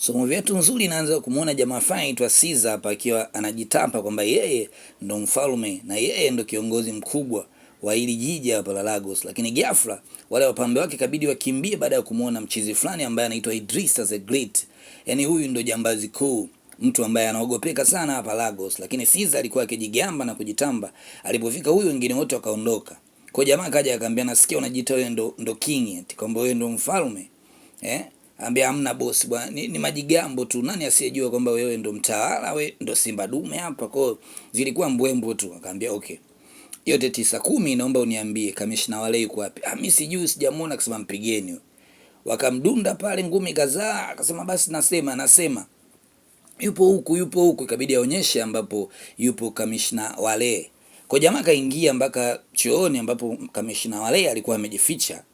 Somo letu nzuri naanza kumuona jamaa fulani aitwa Caesar hapa akiwa anajitamba kwamba yeye ndo mfalme na yeye ndo kiongozi mkubwa wa ili jiji hapa la Lagos, lakini ghafla wale wapambe wake kabidi wakimbie baada ya kumuona mchizi fulani ambaye anaitwa Idris as a Great. Yaani huyu ndo jambazi kuu, mtu ambaye anaogopeka sana hapa Lagos, lakini Caesar alikuwa akijigamba na kujitamba. Alipofika huyu wengine wote wakaondoka. Kwa jamaa kaja akamwambia, nasikia unajiita wewe ndo ndo king, eti kwamba wewe ndo mfalme. Eh? Ambia amna bosi bwana, ni, ni majigambo tu. Nani asiyejua kwamba wewe ndo mtawala, we ndo simba dume hapa. Kwa zilikuwa mbwembo tu. Akaambia okay, yote tisa kumi, naomba uniambie kamishna wale yuko wapi? Ah, mimi sijui, sijamuona. Akasema mpigeni. Wakamdunda pale ngumi kadhaa, akasema basi nasema nasema yupo huku yupo huku, ikabidi aonyeshe ambapo yupo kamishna wale. Kwa jamaa kaingia mpaka chooni ambapo kamishna wale alikuwa amejificha.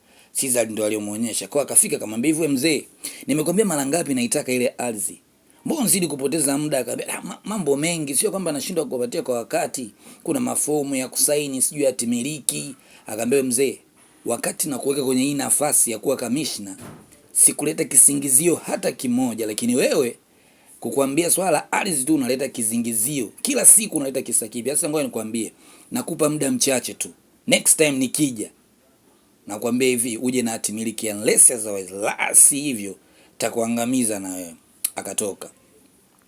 Caesar ndo aliyomuonyesha. Kwa akafika akamwambia hivyo, mzee, nimekwambia mara ngapi naitaka ile ardhi. Mbona nzidi kupoteza muda? Akamwambia ah, mambo mengi, sio kwamba nashindwa kuwapatia kwa wakati. Kuna mafomu ya kusaini, sijui hatimiliki. Akamwambia mzee, wakati na kuweka kwenye hii nafasi ya kuwa kamishna, sikuleta kisingizio hata kimoja, lakini wewe kukuambia swala ardhi tu unaleta kizingizio kila siku, unaleta kisa kipya. Sasa ngoja nikwambie, nakupa muda mchache tu, next time nikija nakwambia hivi, uje na atimiliki unless otherwise, la si hivyo takuangamiza na wewe. Akatoka.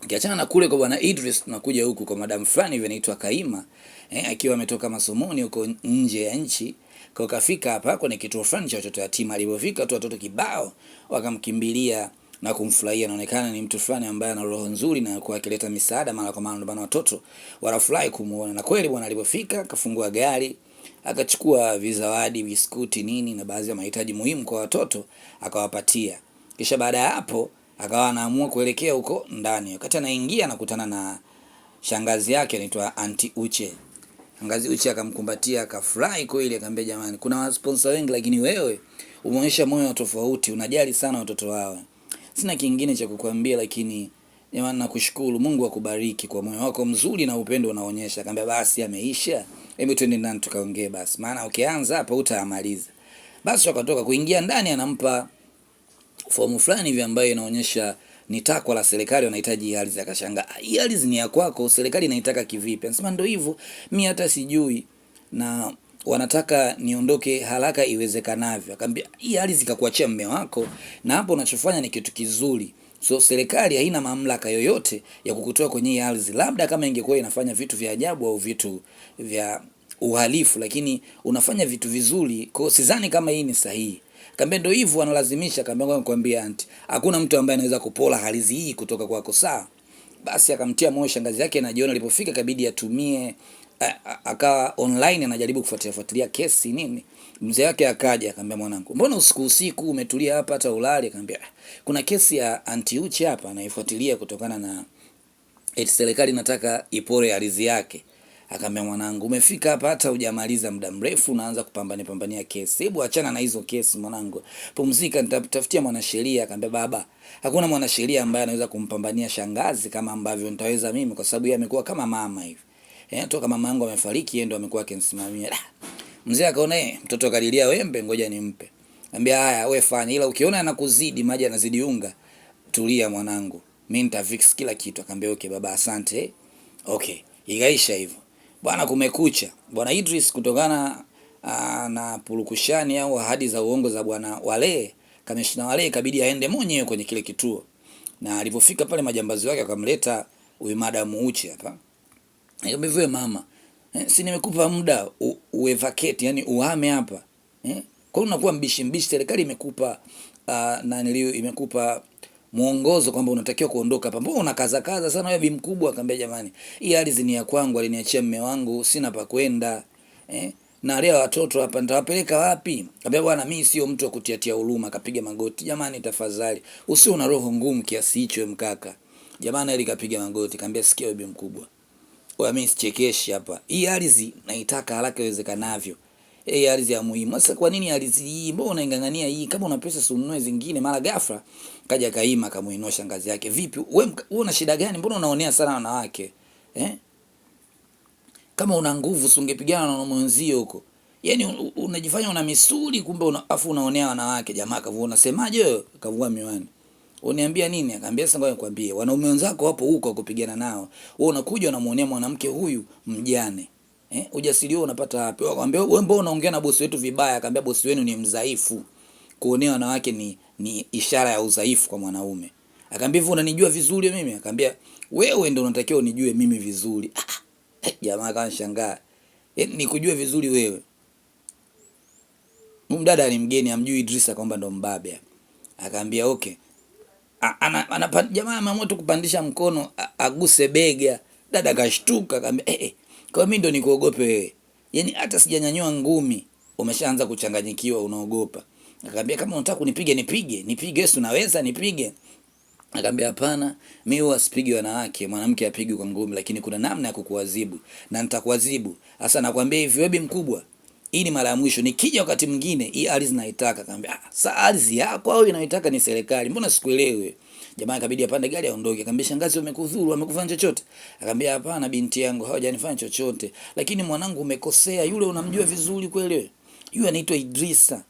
Kiachana na kule kwa bwana Idris, tunakuja huku kwa madam fulani hivi anaitwa Kaima eh, akiwa ametoka masomoni huko nje ya nchi kwa kafika hapa kwenye kituo fulani cha watoto yatima. Alipofika tu watoto kibao wakamkimbilia na kumfurahia. Anaonekana ni mtu fulani ambaye ana roho nzuri na alikuwa akileta misaada mara kwa mara, ndio watoto wanafurahi kumuona. Na kweli bwana alipofika, kafungua gari akachukua vizawadi, biskuti, nini na baadhi ya mahitaji muhimu kwa watoto akawapatia. Kisha baada ya hapo akawa anaamua kuelekea huko ndani. Wakati anaingia anakutana na shangazi yake anaitwa Anti Uche. Shangazi Uche akamkumbatia akafurahi kweli, akamwambia jamani, kuna wasponsa wengi, lakini wewe umeonyesha moyo tofauti, unajali sana watoto wao. Sina kingine cha kukuambia, lakini Jamani, nakushukuru Mungu akubariki kwa moyo wako mzuri na upendo unaonyesha. Kaambia basi ameisha, hebu twende ndani tukaongee basi, maana ukianza hapa utaamaliza. Basi wakatoka kuingia ndani, anampa fomu fulani hivi ambayo inaonyesha ni takwa la serikali, wanahitaji ardhi. Akashangaa, hii ardhi ni ya kwako, serikali inaitaka kivipi? Anasema ndio hivyo, mi hata sijui na wanataka niondoke haraka iwezekanavyo. Akamwambia hii ardhi kakuachia mme wako, na hapo unachofanya ni kitu kizuri. So serikali haina mamlaka yoyote ya kukutoa kwenye ardhi, labda kama ingekuwa inafanya vitu vya ajabu au vitu vya uhalifu, lakini unafanya vitu vizuri. Kwa hiyo sidhani kama hii ni sahihi. Kambe ndio hivyo analazimisha, kambe kwambia anti, hakuna mtu ambaye anaweza kupola ardhi hii kutoka kwako, saa basi akamtia moyo shangazi yake, na jioni alipofika kabidi atumie, akawa online anajaribu kufuatilia fuatilia kesi nini Mzee wake akaja akamwambia, mwanangu, mbona usiku usiku umetulia hapa hata ulali? Akamwambia, kuna kesi ya anti Uchi hapa anaifuatilia kutokana na eti serikali inataka ipore ardhi yake. Akamwambia, mwanangu, umefika hapa hata hujamaliza muda mrefu unaanza kupambania pambania kesi. Hebu achana na hizo kesi mwanangu, pumzika, nitakutafutia mwanasheria. Akamwambia, baba, hakuna mwanasheria ambaye anaweza kumpambania shangazi kama ambavyo nitaweza mimi, kwa sababu yeye amekuwa kama mama hivi eh, toka mama yangu amefariki, yeye ndo amekuwa akinisimamia ah, Mzee akaona eh, mtoto kalilia wembe, ngoja nimpe. Ambia haya, wewe fanya, ila ukiona anakuzidi maji anazidi unga, tulia mwanangu, mimi nitafix kila kitu. Akaambia okay baba, asante. Okay, ikaisha hivyo bwana. Kumekucha bwana Idris, kutokana ah, na pulukushani au ahadi za uongo za bwana Wale, kamishna Wale, ikabidi aende mwenyewe kwenye kile kituo, na alipofika pale majambazi wake akamleta huyu madamu uchi hapa, nikamwambia mama, eh, si nimekupa muda uevacate, yani uhame hapa eh? Kwa hiyo unakuwa mbishi mbishi, serikali imekupa uh, ah, na naniliu imekupa mwongozo kwamba unatakiwa kuondoka hapa. Mbona unakaza kaza sana wewe, bi mkubwa? Akamwambia jamani, hii ardhi ni ya kwangu, aliniachia mme wangu, sina pa kwenda eh? na leo watoto hapa nitawapeleka wapi? Kaambia bwana, mimi sio mtu wa kutiatia huruma. Akapiga magoti, jamani, tafadhali usio na roho ngumu kiasi hicho mkaka. Jamani, ili kapiga magoti, kaambia sikia, wewe bi mkubwa mimi sichekeshi hapa. Hii ardhi naitaka haraka iwezekanavyo. Hii ardhi ya muhimu. Sasa kwa nini ardhi hii? Mbona unaingangania hii? Kama una pesa sununue zingine, mara ghafla kaja kaima kamuinua shangazi yake. Vipi? Wewe wewe una shida gani? Mbona unaonea sana wanawake? Eh? Kama una nguvu usingepigana na mwenzio huko. Yaani unajifanya una misuli kumbe una, afu unaonea wanawake. Jamaa kavuona unasemaje wewe? Kavua miwani. Uniambia nini? Akaambia sasa, ngoja nikwambie, wanaume wenzako wapo huko kupigana nao, wewe unakuja unamuonea mwanamke huyu mjane. Eh, ujasiri wao unapata wapi? Akaambia wewe, mbona unaongea na bosi wetu vibaya? Akaambia bosi wenu ni mdhaifu, kuonea wanawake ni ni ishara ya udhaifu kwa mwanaume. Akaambia hivi, unanijua vizuri mimi? Akaambia wewe ndio unatakiwa unijue mimi vizuri. Ah, ah. jamaa kanishangaa, eh, nikujue vizuri wewe Mdada ni mgeni amjui Idrisa kwamba ndo mbabe. Akaambia okay, jamaa ameamua tu kupandisha mkono aguse bega, dada kashtuka, kaambia eh, eh kwa mimi ndo nikuogope wewe? Yani hata sijanyanyua ngumi, umeshaanza kuchanganyikiwa, unaogopa. Akaambia kama unataka kunipige nipige, nipige Yesu, naweza nipige. Akaambia hapana, mimi huwa sipigi wanawake, mwanamke apigi kwa ngumi, lakini kuna namna ya kukuadhibu na nitakuadhibu. hasa nakwambia hivi, wewe mkubwa hii ni mara ya mwisho. Nikija wakati mwingine hii ardhi naitaka, Akamwambia ah, sa ardhi yako au inaitaka ni serikali? Mbona sikuelewe. Jamaa ikabidi apande gari aondoke. Akamwambia shangazi, umekudhuru amekufanya chochote? Akamwambia hapana, binti yangu, hawajanifanya chochote, lakini mwanangu, umekosea. Yule unamjua vizuri kweli, yule anaitwa Idrisa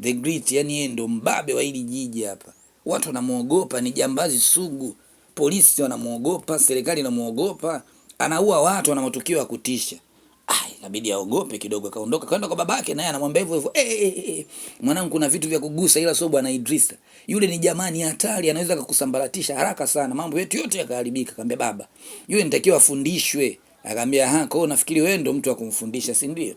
the Great, yani yeye ndo mbabe wa hili jiji hapa. Watu wanamuogopa, ni jambazi sugu, polisi wanamuogopa, serikali inamuogopa, anaua watu na matukio ya kutisha. Ah, inabidi aogope kidogo, akaondoka kaenda kwa babake, naye anamwambia hivyo hivyo, eh, eh eh eh, mwanangu, kuna vitu vya kugusa, ila sio bwana Idrisa yule, ni jamani hatari, anaweza kukusambaratisha haraka sana, mambo yetu yote yakaharibika. Akamwambia baba, yule nitakiwa afundishwe. Akamwambia ha, kwa hiyo nafikiri wewe ndio mtu wa kumfundisha, si ndio?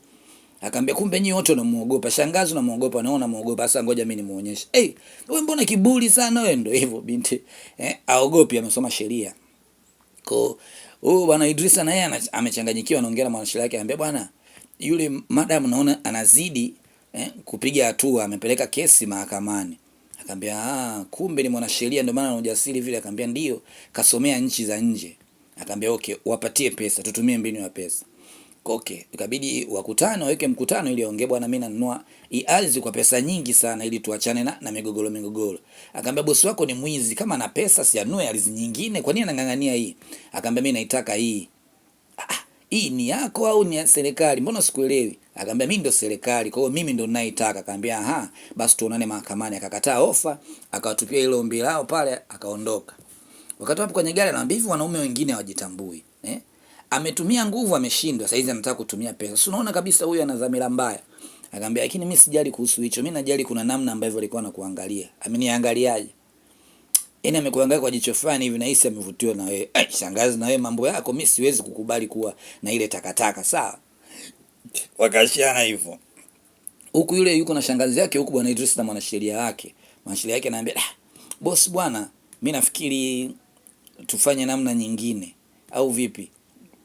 Akamwambia kumbe nyinyi wote unamuogopa, shangazi unamuogopa, naona unamuogopa. Sasa ngoja mimi nimuonyeshe. Eh, hey, wewe mbona kiburi sana wewe? Ndio hivyo binti, eh, aogopi, amesoma sheria kwa huyu oh, bwana Idrisa na yeye amechanganyikiwa, anaongea na mwanasheria wake, anambia bwana yule madam naona anazidi eh, kupiga hatua, amepeleka kesi mahakamani. Akaambia ah, kumbe ni mwanasheria ndio maana ana ujasiri vile. Akaambia ndio, kasomea nchi za nje. Akaambia okay, wapatie pesa, tutumie mbinu ya pesa. Koke. Ikabidi wakutane waweke mkutano ili aongee, bwana, mimi nanunua hii ardhi kwa pesa nyingi sana ili tuachane na, na migogoro migogoro. Akaambia bosi wako ni mwizi, kama na pesa sianue ardhi nyingine, kwa nini anang'ang'ania hii? Akaambia mimi naitaka hii. Ah, ah, hii ni yako au ni ya serikali? Mbona sikuelewi? Akaambia mimi ndo serikali, kwa hiyo mimi ndo ninaitaka. Akaambia aha, basi tuonane mahakamani. Akakataa ofa, akawatupia ile ombi lao pale, akaondoka. Wakati hapo kwenye gari anawaambia hivi wanaume wengine hawajitambui. Eh? ametumia nguvu, ameshindwa, saizi anataka kutumia pesa. Si unaona kabisa huyu ana dhamira mbaya. Akamwambia, lakini mimi sijali kuhusu hicho, mimi najali kuna namna ambavyo alikuwa anakuangalia. Ameniangaliaje? Yaani amekuangalia kwa jicho fulani hivi, nahisi amevutiwa na wewe. Eh, shangazi, na wewe mambo yako, mimi siwezi kukubali kuwa na ile takataka. Sawa, wakashana hivyo, huku yule yuko na shangazi yake, huku bwana Idris na mwanasheria wake. Mwanasheria wake anaambia, ah, boss bwana, mimi nafikiri tufanye namna nyingine, au vipi?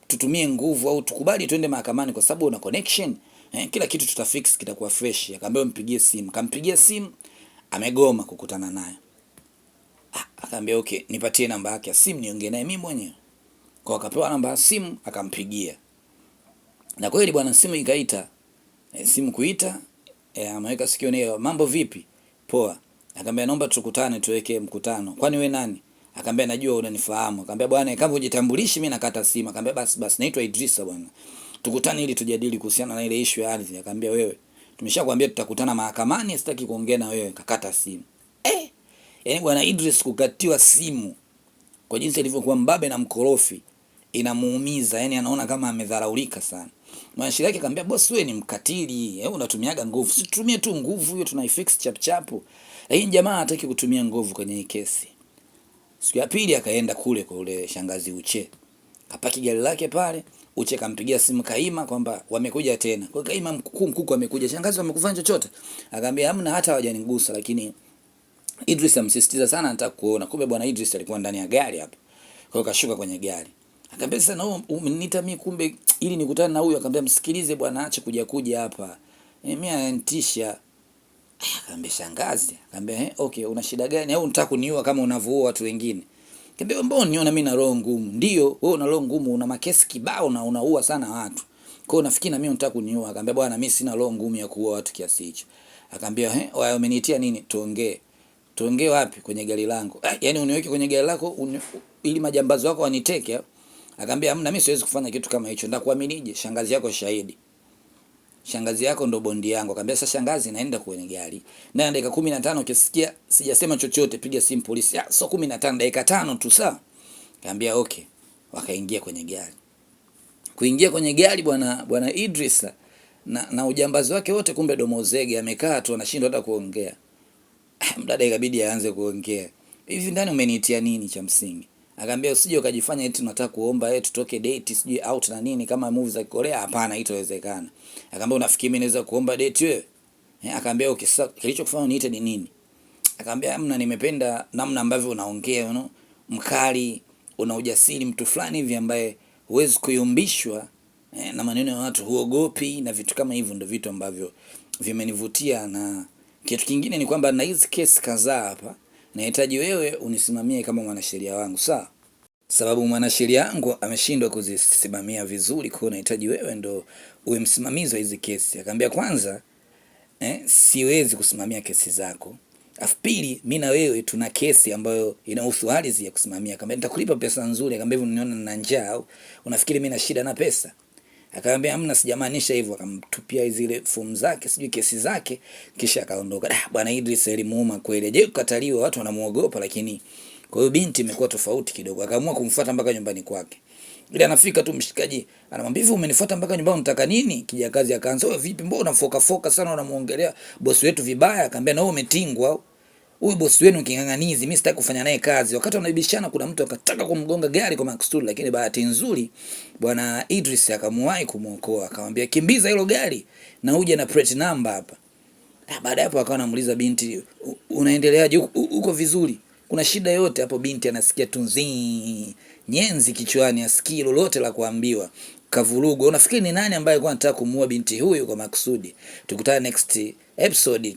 tutumie nguvu au tukubali tuende mahakamani kwa sababu una connection eh, kila kitu tutafix, kitakuwa fresh. Akaambia mpigie simu, kampigia simu, amegoma kukutana naye. Ah, akaambia okay, nipatie namba yake ya simu niongee naye mimi mwenyewe. Kwa akapewa namba ya simu akampigia, na kweli bwana, simu ikaita. E, simu kuita e, ameweka sikio, mambo vipi? Poa. Akaambia naomba tukutane tuweke mkutano. Kwani we nani? Akaambia najua unanifahamu. Akaambia bwana, kama hujitambulishi mimi nakata simu. Akaambia basi basi, naitwa Idrisa bwana. Tukutane ili tujadili kuhusiana na ile issue ya ardhi. Akaambia wewe, tumeshakwambia tutakutana mahakamani, sitaki kuongea na wewe. Kakata simu. Eh, yaani bwana Idris kukatiwa simu kwa jinsi alivyokuwa mbabe na mkorofi inamuumiza, yani anaona kama amedharaulika sana. Mwanasheria yake akamwambia boss, wewe ni mkatili, wewe eh, unatumiaga nguvu. Situmie tu nguvu hiyo, tunaifix chap chapu. Lakini jamaa hataki kutumia nguvu kwenye hii kesi. Siku ya pili akaenda kule kwa ule shangazi Uche, kapaki gari lake pale. Uche kampigia simu Kaima kwamba wamekuja tena. Kwa Kaima mkuu mkuu amekuja, shangazi wamekufanya chochote? Akamwambia hamna, hata hawajanigusa, lakini Idris amsisitiza sana, nataka kuona. Kumbe bwana Idris alikuwa ndani ya gari hapo, kwa kashuka kwenye gari Akamwambia sasa, nao umeniita mimi kumbe ili nikutane na huyu. Akamwambia msikilize bwana, acha kuja kuja hapa eh, mimi ananitisha. Akaambia shangazi, akaambia eh, okay, una shida gani au unataka kuniua kama unavyoua watu wengine? Kaambia mbona uniona mimi na roho ngumu. Ndio, wewe una roho ngumu, una makesi kibao na unaua sana watu. Kwa hiyo nafikiri na mimi unataka kuniua. Akaambia bwana, mimi sina roho ngumu ya kuua watu kiasi hicho. Akaambia eh, wewe umeniitia nini? Tuongee. Tuongee wapi? Kwenye gari langu. Eh, yaani uniweke kwenye gari lako un... ili majambazi wako waniteke. Akaambia hamna, mimi siwezi kufanya kitu kama hicho. Ndakuaminije? Shangazi yako shahidi shangazi yako ndo bondi yangu. Akamwambia sasa shangazi, naenda kwenye gari. na dakika 15 ukisikia sijasema chochote, piga simu polisi. Ah, so 15 dakika tano tu saa. Akamwambia okay. Wakaingia kwenye gari. Kuingia kwenye gari bwana bwana Idris na, na ujambazi wake wote, kumbe domozege amekaa tu anashindwa hata kuongea. Ah, Mdada ikabidi aanze kuongea. Hivi ndani umeniitia nini cha msingi? Akaambia usije ukajifanya eti unataka kuomba eh, tutoke date sijui out na nini kama movie za Korea. Hapana, haitawezekana. Akaambia unafikiri mimi naweza kuomba date wewe? Eh, akaambia okay, sasa kilichokufanya niite ni nini? Akaambia amna, nimependa namna ambavyo unaongea you know, mkali, una ujasiri, mtu fulani hivi ambaye huwezi kuyumbishwa eh, na maneno ya watu, huogopi na vitu kama hivyo, ndio vitu ambavyo vimenivutia. Na kitu kingine ni kwamba na hizi kesi kadhaa hapa Nahitaji wewe unisimamie kama mwanasheria wangu, sawa? Sababu mwanasheria wangu ameshindwa kuzisimamia vizuri, kwa hiyo nahitaji wewe ndo uwe msimamizi wa hizi kesi. Akaambia kwanza, eh, siwezi kusimamia kesi zako Afu pili, mi na wewe tuna kesi ambayo inahusu ardhi ya kusimamia. Akamwambia nitakulipa pesa nzuri. Akamwambia hivi, uniona na njaa au unafikiri mi na shida na pesa? Akamwambia amna, sijamaanisha hivyo. Akamtupia zile fomu zake, sijui kesi zake, kisha akaondoka. Ah, bwana Idris alimuuma kweli. Je, kukataliwa watu wanamuogopa, lakini kwa hiyo binti imekuwa tofauti kidogo. Akaamua kumfuata mpaka nyumbani kwake. Ile anafika tu mshikaji anamwambia hivi, umenifuata mpaka nyumbani unataka nini? Kijakazi akaanza, wewe oh, vipi, mbona unafoka foka sana, unamuongelea bosi wetu vibaya? Akamwambia na wewe umetingwa au huyu bosi wenu king'ang'anizi, mimi sitaki kufanya naye kazi. Wakati wanabishana, kuna mtu akataka kumgonga gari kwa makusudi, lakini bahati nzuri bwana Idris akamwahi kumuokoa, akamwambia kimbiza hilo gari na uje na plate number hapa. Baada hapo akawa anamuuliza binti, unaendeleaje? Uko vizuri? Kuna shida yote hapo? Binti anasikia tunzi nyenzi kichwani, asikii lolote la kuambiwa kavurugu. Unafikiri ni nani ambaye alikuwa anataka kumuua binti huyu kwa makusudi? Tukutane next episode.